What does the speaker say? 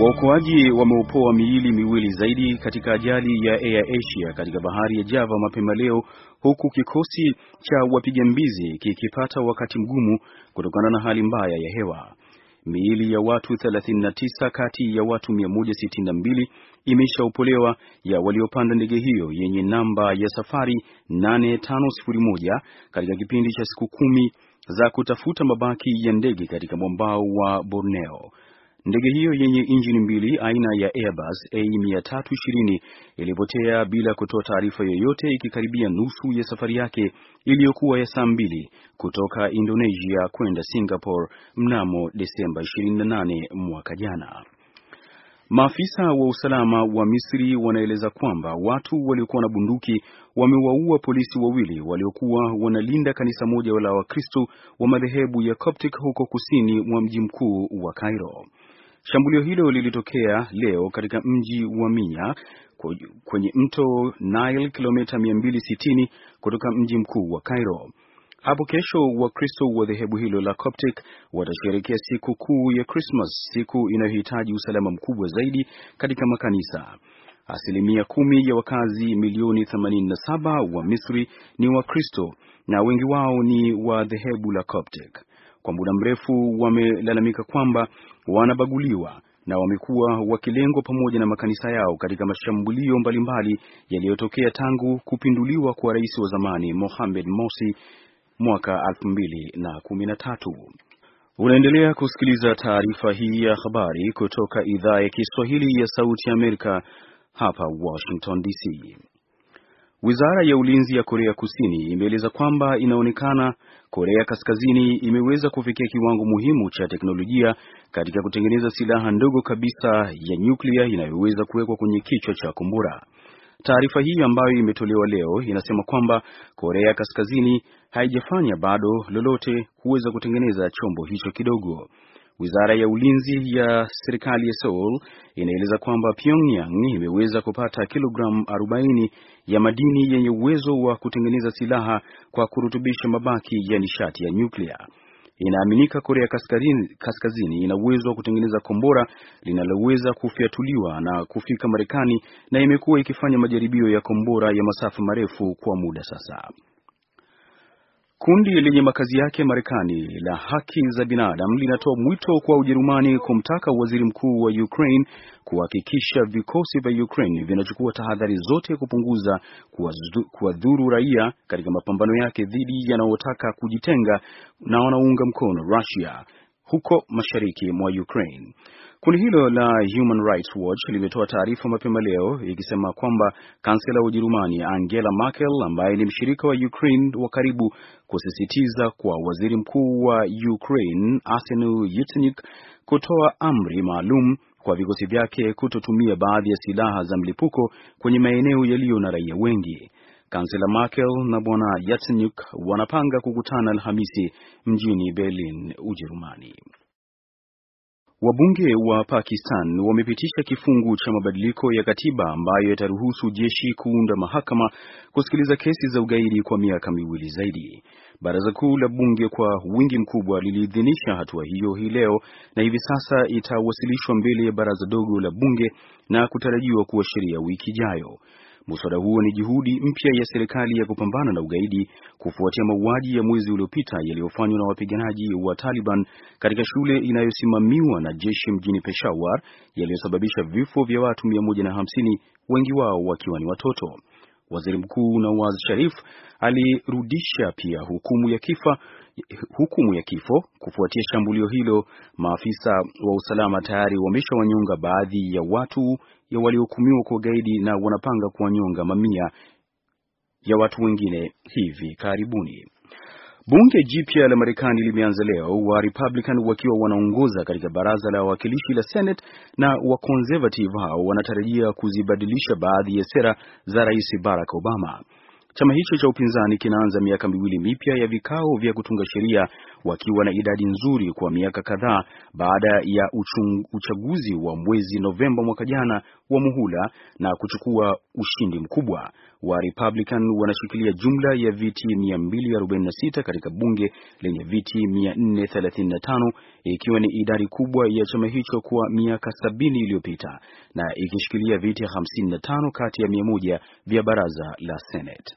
Waokoaji wameopoa miili miwili zaidi katika ajali ya Air Asia katika bahari ya Java mapema leo, huku kikosi cha wapiga mbizi kikipata wakati mgumu kutokana na hali mbaya ya hewa. Miili ya watu 39 kati ya watu 162 imeshaopolewa ya waliopanda ndege hiyo yenye namba ya safari 8501 katika kipindi cha siku kumi za kutafuta mabaki ya ndege katika mwambao wa Borneo. Ndege hiyo yenye injini mbili aina ya Airbus A320 ilipotea bila kutoa taarifa yoyote ikikaribia nusu ya safari yake iliyokuwa ya saa mbili kutoka Indonesia kwenda Singapore mnamo Desemba 28 mwaka jana. Maafisa wa usalama wa Misri wanaeleza kwamba watu waliokuwa na bunduki wamewaua polisi wawili waliokuwa wanalinda kanisa moja la Wakristo wa, madhehebu ya Coptic huko kusini mwa mji mkuu wa Cairo. Shambulio hilo lilitokea leo katika mji wa Minya kwenye mto Nile kilomita 260 kutoka mji mkuu wa Cairo. Hapo kesho Wakristo wa dhehebu hilo la Coptic watasherekea siku kuu ya Christmas, siku inayohitaji usalama mkubwa zaidi katika makanisa. Asilimia kumi ya wakazi milioni 87 wa Misri ni Wakristo na wengi wao ni wa dhehebu la Coptic. Kwa muda mrefu wamelalamika kwamba wanabaguliwa na wamekuwa wakilengwa pamoja na makanisa yao katika mashambulio mbalimbali yaliyotokea tangu kupinduliwa kwa rais wa zamani Mohamed Morsi mwaka 2013. Unaendelea kusikiliza taarifa hii ya habari kutoka idhaa ya Kiswahili ya Sauti ya Amerika hapa Washington DC. Wizara ya Ulinzi ya Korea Kusini imeeleza kwamba inaonekana Korea Kaskazini imeweza kufikia kiwango muhimu cha teknolojia katika kutengeneza silaha ndogo kabisa ya nyuklia inayoweza kuwekwa kwenye kichwa cha kombora. Taarifa hii ambayo imetolewa leo inasema kwamba Korea Kaskazini haijafanya bado lolote kuweza kutengeneza chombo hicho kidogo. Wizara ya ulinzi ya serikali ya Seoul inaeleza kwamba Pyongyang imeweza kupata kilogramu 40 ya madini yenye uwezo wa kutengeneza silaha kwa kurutubisha mabaki ya nishati ya nyuklia. Inaaminika Korea Kaskazini, Kaskazini ina uwezo wa kutengeneza kombora linaloweza kufyatuliwa na kufika Marekani na imekuwa ikifanya majaribio ya kombora ya masafa marefu kwa muda sasa. Kundi lenye makazi yake Marekani la haki za binadamu linatoa mwito kwa Ujerumani kumtaka waziri mkuu wa Ukraine kuhakikisha vikosi vya Ukraine vinachukua tahadhari zote kupunguza kuwadhuru raia katika mapambano yake dhidi yanaotaka kujitenga na wanaunga mkono Russia huko mashariki mwa Ukraine. Kundi hilo la Human Rights Watch limetoa taarifa mapema leo ikisema kwamba kansela wa Ujerumani Angela Merkel ambaye ni mshirika wa Ukraine wa karibu, kusisitiza kwa waziri mkuu wa Ukraine Arseniy Yatsenyuk kutoa amri maalum kwa vikosi vyake kutotumia baadhi ya silaha za mlipuko kwenye maeneo yaliyo na raia wengi. Kansela Merkel na bwana Yatsenyuk wanapanga kukutana Alhamisi mjini Berlin, Ujerumani. Wabunge wa Pakistan wamepitisha kifungu cha mabadiliko ya katiba ambayo yataruhusu jeshi kuunda mahakama kusikiliza kesi za ugaidi kwa miaka miwili zaidi. Baraza kuu la bunge kwa wingi mkubwa liliidhinisha hatua hiyo hii leo na hivi sasa itawasilishwa mbele ya baraza dogo la bunge na kutarajiwa kuwa sheria wiki ijayo. Muswada huo ni juhudi mpya ya serikali ya kupambana na ugaidi kufuatia mauaji ya mwezi uliopita yaliyofanywa na wapiganaji wa Taliban katika shule inayosimamiwa na jeshi mjini Peshawar yaliyosababisha vifo vya watu 150 wengi wao wakiwa ni watoto. Waziri Mkuu Nawaz Sharif alirudisha pia hukumu ya kifa, hukumu ya kifo kufuatia shambulio hilo. Maafisa wa usalama tayari wameshawanyonga baadhi ya watu ya waliohukumiwa kwa ugaidi na wanapanga kuwanyonga mamia ya watu wengine hivi karibuni. Bunge jipya la Marekani limeanza leo, wa Republican wakiwa wanaongoza katika baraza la wawakilishi la Senate na wa Conservative hao wanatarajia kuzibadilisha baadhi ya sera za Rais Barack Obama. Chama hicho cha upinzani kinaanza miaka miwili mipya ya vikao vya kutunga sheria wakiwa na idadi nzuri kwa miaka kadhaa baada ya uchung, uchaguzi wa mwezi Novemba mwaka jana wa muhula na kuchukua ushindi mkubwa wa Republican wanashikilia jumla ya viti 246 katika bunge lenye viti 435 ikiwa ni idadi kubwa ya chama hicho kwa miaka sabini iliyopita na ikishikilia viti 55 kati ya 100 vya baraza la Senate.